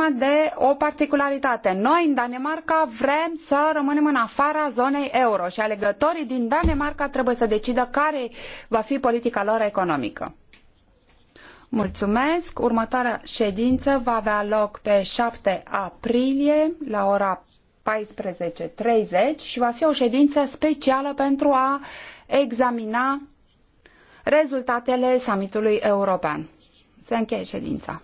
acum de o particularitate. Noi, în Danemarca, vrem să rămânem în afara zonei euro și alegătorii din Danemarca trebuie să decidă care va fi politica lor economică. Mulțumesc. Următoarea ședință va avea loc pe 7 aprilie la ora 14.30 și va fi o ședință specială pentru a examina rezultatele summitului european. Se încheie ședința.